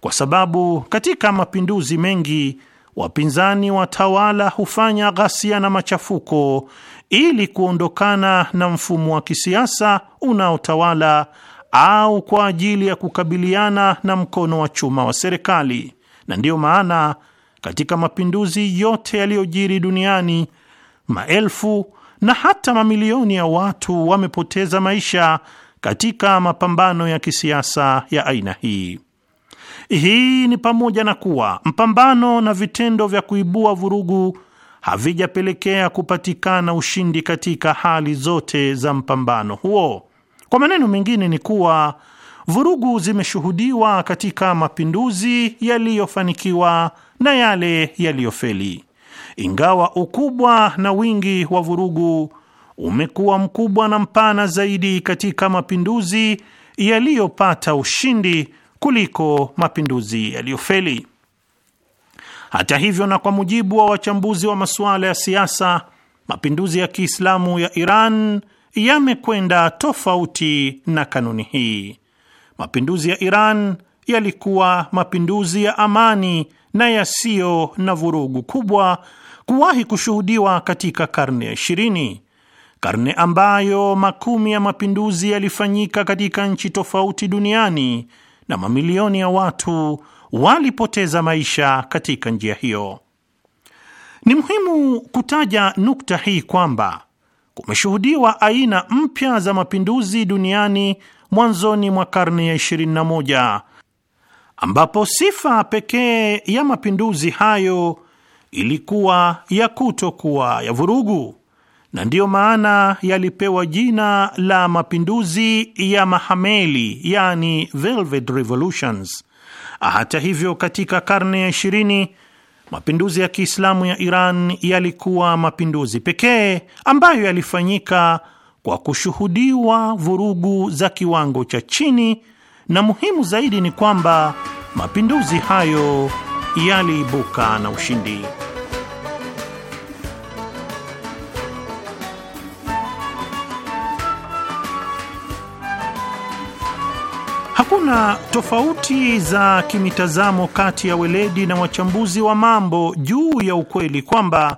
kwa sababu katika mapinduzi mengi wapinzani watawala hufanya ghasia na machafuko ili kuondokana na mfumo wa kisiasa unaotawala au kwa ajili ya kukabiliana na mkono wa chuma wa serikali. Na ndiyo maana katika mapinduzi yote yaliyojiri duniani, maelfu na hata mamilioni ya watu wamepoteza maisha katika mapambano ya kisiasa ya aina hii. Hii ni pamoja na kuwa mpambano na vitendo vya kuibua vurugu havijapelekea kupatikana ushindi katika hali zote za mpambano huo. Kwa maneno mengine ni kuwa vurugu zimeshuhudiwa katika mapinduzi yaliyofanikiwa na yale yaliyofeli, ingawa ukubwa na wingi wa vurugu umekuwa mkubwa na mpana zaidi katika mapinduzi yaliyopata ushindi kuliko mapinduzi yaliyofeli. Hata hivyo, na kwa mujibu wa wachambuzi wa masuala ya siasa, mapinduzi ya Kiislamu ya Iran yamekwenda tofauti na kanuni hii. Mapinduzi ya Iran yalikuwa mapinduzi ya amani na yasiyo na vurugu kubwa kuwahi kushuhudiwa katika karne ya ishirini, karne ambayo makumi ya mapinduzi yalifanyika katika nchi tofauti duniani na mamilioni ya watu walipoteza maisha katika njia hiyo. Ni muhimu kutaja nukta hii kwamba kumeshuhudiwa aina mpya za mapinduzi duniani mwanzoni mwa karne ya 21 ambapo sifa pekee ya mapinduzi hayo ilikuwa ya kutokuwa ya vurugu, na ndiyo maana yalipewa jina la mapinduzi ya mahameli, yani Velvet Revolutions. Hata hivyo, katika karne ya ishirini mapinduzi ya Kiislamu ya Iran yalikuwa mapinduzi pekee ambayo yalifanyika kwa kushuhudiwa vurugu za kiwango cha chini, na muhimu zaidi ni kwamba mapinduzi hayo yaliibuka na ushindi. Hakuna tofauti za kimitazamo kati ya weledi na wachambuzi wa mambo juu ya ukweli kwamba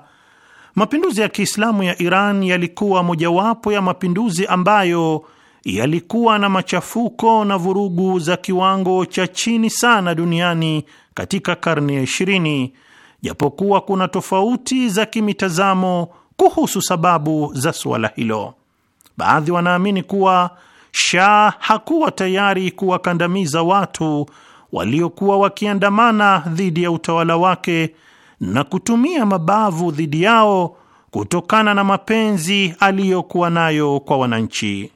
mapinduzi ya Kiislamu ya Iran yalikuwa mojawapo ya mapinduzi ambayo yalikuwa na machafuko na vurugu za kiwango cha chini sana duniani katika karne ya ishirini, japokuwa kuna tofauti za kimitazamo kuhusu sababu za suala hilo. Baadhi wanaamini kuwa Shah hakuwa tayari kuwakandamiza watu waliokuwa wakiandamana dhidi ya utawala wake na kutumia mabavu dhidi yao kutokana na mapenzi aliyokuwa nayo kwa wananchi.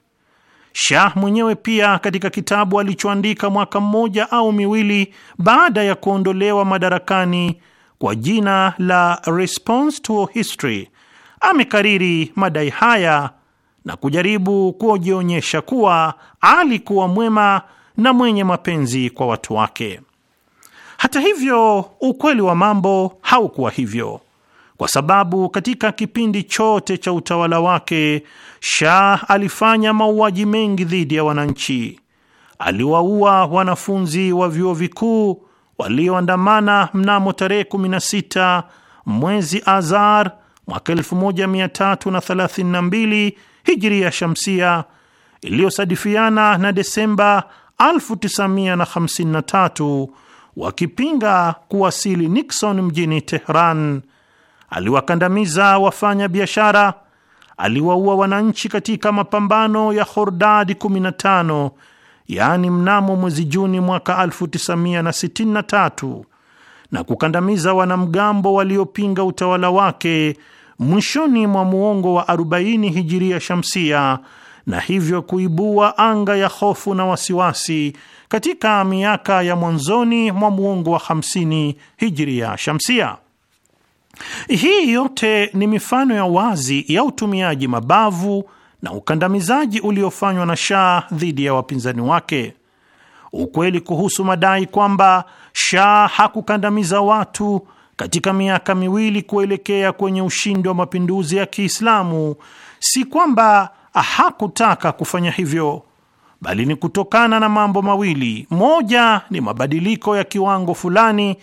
Shah mwenyewe pia katika kitabu alichoandika mwaka mmoja au miwili baada ya kuondolewa madarakani kwa jina la Response to History amekariri madai haya na kujaribu kujionyesha kuwa alikuwa mwema na mwenye mapenzi kwa watu wake. Hata hivyo, ukweli wa mambo haukuwa hivyo, kwa sababu katika kipindi chote cha utawala wake Shah alifanya mauaji mengi dhidi ya wananchi. Aliwaua wanafunzi wa vyuo vikuu walioandamana mnamo tarehe 16 mwezi Azar mwaka 1332 hijiria shamsia iliyosadifiana na Desemba 1953 wakipinga kuwasili Nixon mjini Tehran. Aliwakandamiza wafanya biashara, aliwaua wananchi katika mapambano ya Hordadi 15, yaani mnamo mwezi Juni mwaka 1963 na kukandamiza wanamgambo waliopinga utawala wake mwishoni mwa muongo wa 40 hijiria shamsia, na hivyo kuibua anga ya hofu na wasiwasi katika miaka ya mwanzoni mwa muongo wa 50 hijiria shamsia. Hii yote ni mifano ya wazi ya utumiaji mabavu na ukandamizaji uliofanywa na Shah dhidi ya wapinzani wake. Ukweli kuhusu madai kwamba Shah hakukandamiza watu katika miaka miwili kuelekea kwenye ushindi wa mapinduzi ya Kiislamu, si kwamba hakutaka kufanya hivyo, bali ni kutokana na mambo mawili. Moja ni mabadiliko ya kiwango fulani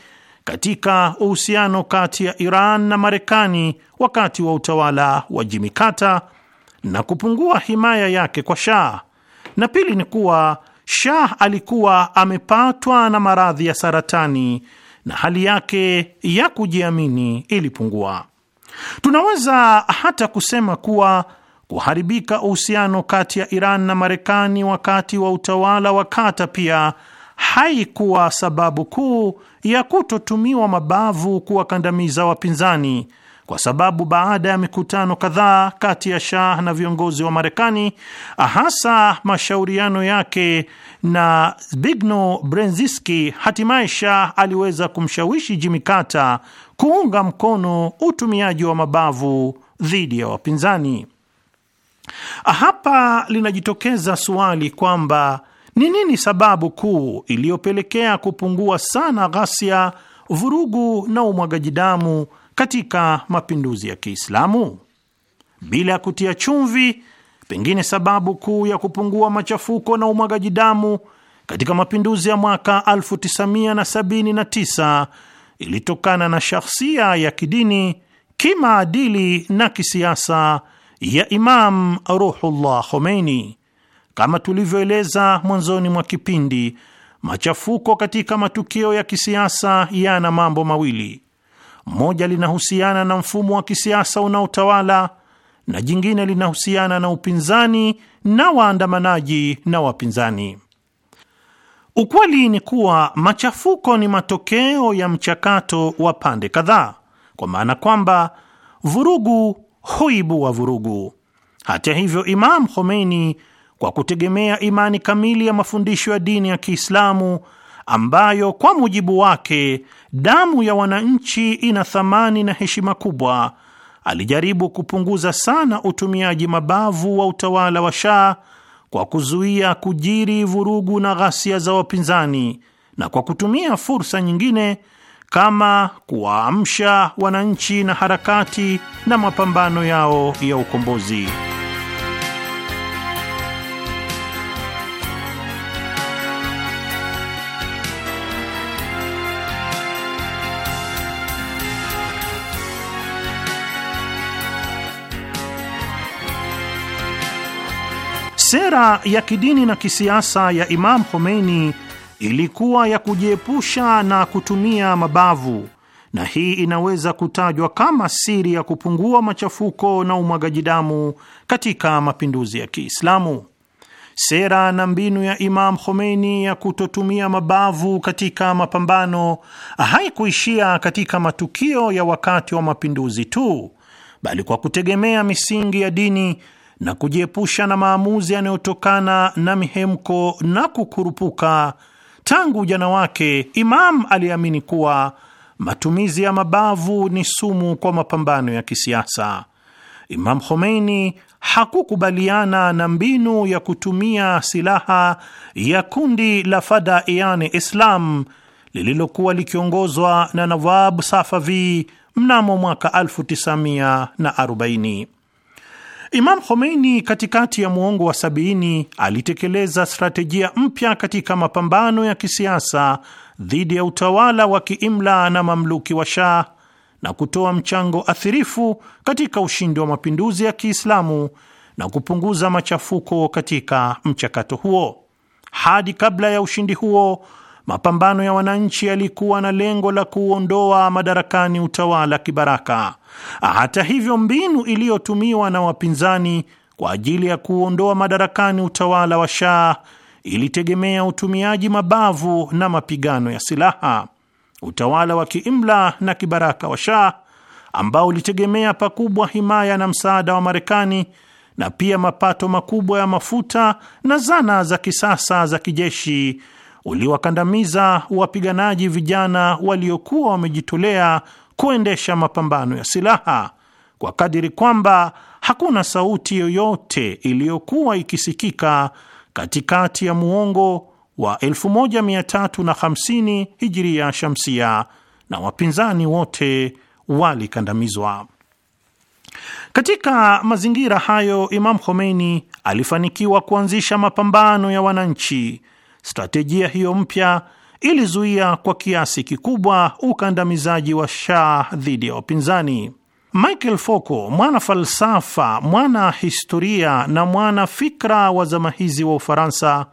katika uhusiano kati ya Iran na Marekani wakati wa utawala wa Jimmy Carter na kupungua himaya yake kwa Shah, na pili ni kuwa Shah alikuwa amepatwa na maradhi ya saratani na hali yake ya kujiamini ilipungua. Tunaweza hata kusema kuwa kuharibika uhusiano kati ya Iran na Marekani wakati wa utawala wa kata pia haikuwa sababu kuu ya kutotumiwa mabavu kuwakandamiza wapinzani kwa sababu baada ya mikutano kadhaa kati ya Shah na viongozi wa Marekani, hasa mashauriano yake na Zbigniew Brzezinski, hatimaye Shah aliweza kumshawishi Jimmy Carter kuunga mkono utumiaji wa mabavu dhidi ya wapinzani. Hapa linajitokeza suali kwamba ni nini sababu kuu iliyopelekea kupungua sana ghasia, vurugu na umwagaji damu katika mapinduzi ya Kiislamu? Bila ya kutia chumvi, pengine sababu kuu ya kupungua machafuko na umwagaji damu katika mapinduzi ya mwaka 1979 ilitokana na shahsia ya kidini, kimaadili na kisiasa ya Imam Ruhullah Khomeini. Kama tulivyoeleza mwanzoni mwa kipindi, machafuko katika matukio ya kisiasa yana mambo mawili: moja linahusiana na mfumo wa kisiasa unaotawala na jingine linahusiana na upinzani na waandamanaji na wapinzani. Ukweli ni kuwa machafuko ni matokeo ya mchakato wa pande kadhaa, kwa maana kwamba vurugu huibua vurugu. Hata hivyo, Imam Khomeini kwa kutegemea imani kamili ya mafundisho ya dini ya Kiislamu ambayo kwa mujibu wake damu ya wananchi ina thamani na heshima kubwa, alijaribu kupunguza sana utumiaji mabavu wa utawala wa Shah kwa kuzuia kujiri vurugu na ghasia za wapinzani na kwa kutumia fursa nyingine kama kuwaamsha wananchi na harakati na mapambano yao ya ukombozi. Sera ya kidini na kisiasa ya Imam Khomeini ilikuwa ya kujiepusha na kutumia mabavu, na hii inaweza kutajwa kama siri ya kupungua machafuko na umwagaji damu katika mapinduzi ya Kiislamu. Sera na mbinu ya Imam Khomeini ya kutotumia mabavu katika mapambano haikuishia katika matukio ya wakati wa mapinduzi tu, bali kwa kutegemea misingi ya dini na kujiepusha na maamuzi yanayotokana na mihemko na kukurupuka. Tangu ujana wake, Imam aliamini kuwa matumizi ya mabavu ni sumu kwa mapambano ya kisiasa. Imam Khomeini hakukubaliana na mbinu ya kutumia silaha ya kundi la Fadaiani Islam lililokuwa likiongozwa na Nawab Safavi mnamo mwaka 1940. Imam Khomeini katikati ya muongo wa sabini alitekeleza strategia mpya katika mapambano ya kisiasa dhidi ya utawala wa kiimla na mamluki wa Shah na kutoa mchango athirifu katika ushindi wa mapinduzi ya Kiislamu na kupunguza machafuko katika mchakato huo. Hadi kabla ya ushindi huo, mapambano ya wananchi yalikuwa na lengo la kuondoa madarakani utawala kibaraka hata hivyo, mbinu iliyotumiwa na wapinzani kwa ajili ya kuondoa madarakani utawala wa Shah ilitegemea utumiaji mabavu na mapigano ya silaha. Utawala wa kiimla na kibaraka wa Shah ambao ulitegemea pakubwa himaya na msaada wa Marekani na pia mapato makubwa ya mafuta na zana za kisasa za kijeshi uliwakandamiza wapiganaji vijana waliokuwa wamejitolea kuendesha mapambano ya silaha kwa kadiri kwamba hakuna sauti yoyote iliyokuwa ikisikika katikati ya muongo wa 1350 hijiria shamsia na wapinzani wote walikandamizwa. Katika mazingira hayo, Imam Khomeini alifanikiwa kuanzisha mapambano ya wananchi. Stratejia hiyo mpya ilizuia kwa kiasi kikubwa ukandamizaji wa Shah dhidi ya wapinzani. Michael Foucault, mwana falsafa, mwana historia na mwana fikra wa zama hizi wa Ufaransa,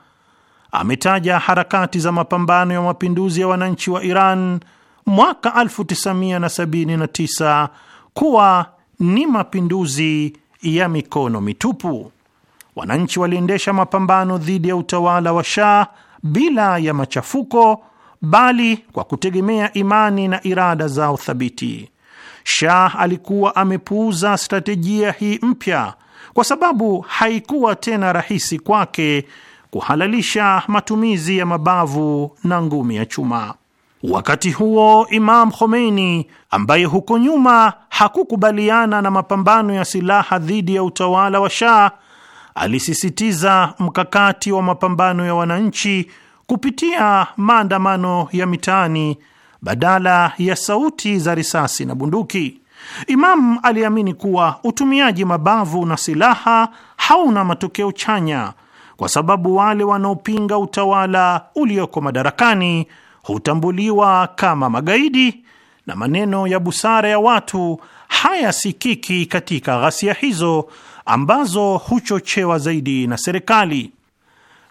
ametaja harakati za mapambano ya mapinduzi ya wananchi wa Iran mwaka 1979 kuwa ni mapinduzi ya mikono mitupu. Wananchi waliendesha mapambano dhidi ya utawala wa Shah bila ya machafuko, bali kwa kutegemea imani na irada zao thabiti. Shah alikuwa amepuuza stratejia hii mpya kwa sababu haikuwa tena rahisi kwake kuhalalisha matumizi ya mabavu na ngumi ya chuma. Wakati huo Imam Khomeini, ambaye huko nyuma hakukubaliana na mapambano ya silaha dhidi ya utawala wa Shah, alisisitiza mkakati wa mapambano ya wananchi kupitia maandamano ya mitaani badala ya sauti za risasi na bunduki. Imam aliamini kuwa utumiaji mabavu na silaha hauna matokeo chanya, kwa sababu wale wanaopinga utawala ulioko madarakani hutambuliwa kama magaidi na maneno ya busara ya watu hayasikiki katika ghasia hizo ambazo huchochewa zaidi na serikali.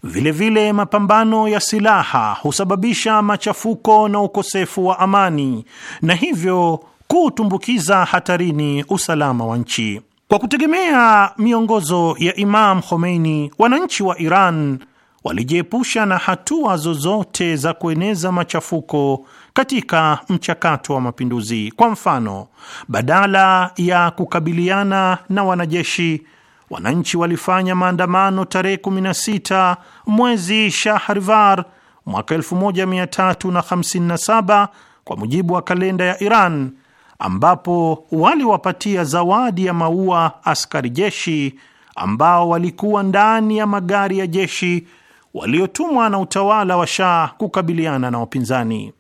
Vilevile, mapambano ya silaha husababisha machafuko na ukosefu wa amani na hivyo kutumbukiza hatarini usalama wa nchi. Kwa kutegemea miongozo ya Imam Khomeini, wananchi wa Iran walijiepusha na hatua zozote za kueneza machafuko katika mchakato wa mapinduzi. Kwa mfano, badala ya kukabiliana na wanajeshi, wananchi walifanya maandamano tarehe 16 mwezi Shahrivar mwaka 1357 kwa mujibu wa kalenda ya Iran, ambapo waliwapatia zawadi ya maua askari jeshi ambao walikuwa ndani ya magari ya jeshi waliotumwa na utawala wa Shah kukabiliana na wapinzani.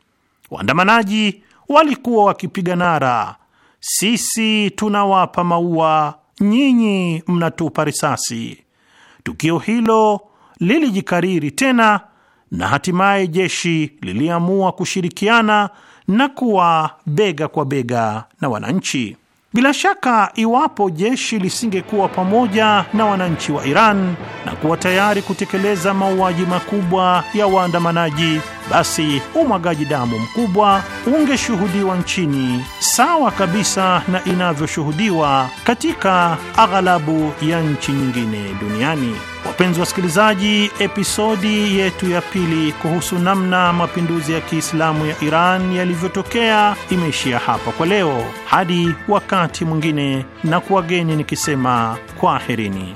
Waandamanaji walikuwa wakipiga nara, sisi tunawapa maua, nyinyi mnatupa risasi. Tukio hilo lilijikariri tena na hatimaye jeshi liliamua kushirikiana na kuwa bega kwa bega na wananchi. Bila shaka iwapo jeshi lisingekuwa pamoja na wananchi wa Iran na kuwa tayari kutekeleza mauaji makubwa ya waandamanaji, basi umwagaji damu mkubwa ungeshuhudiwa nchini, sawa kabisa na inavyoshuhudiwa katika aghalabu ya nchi nyingine duniani. Wapenzi wasikilizaji, episodi yetu ya pili kuhusu namna mapinduzi ya Kiislamu ya Iran yalivyotokea imeishia hapa kwa leo. Hadi wakati mwingine, na kuwageni nikisema kwaherini.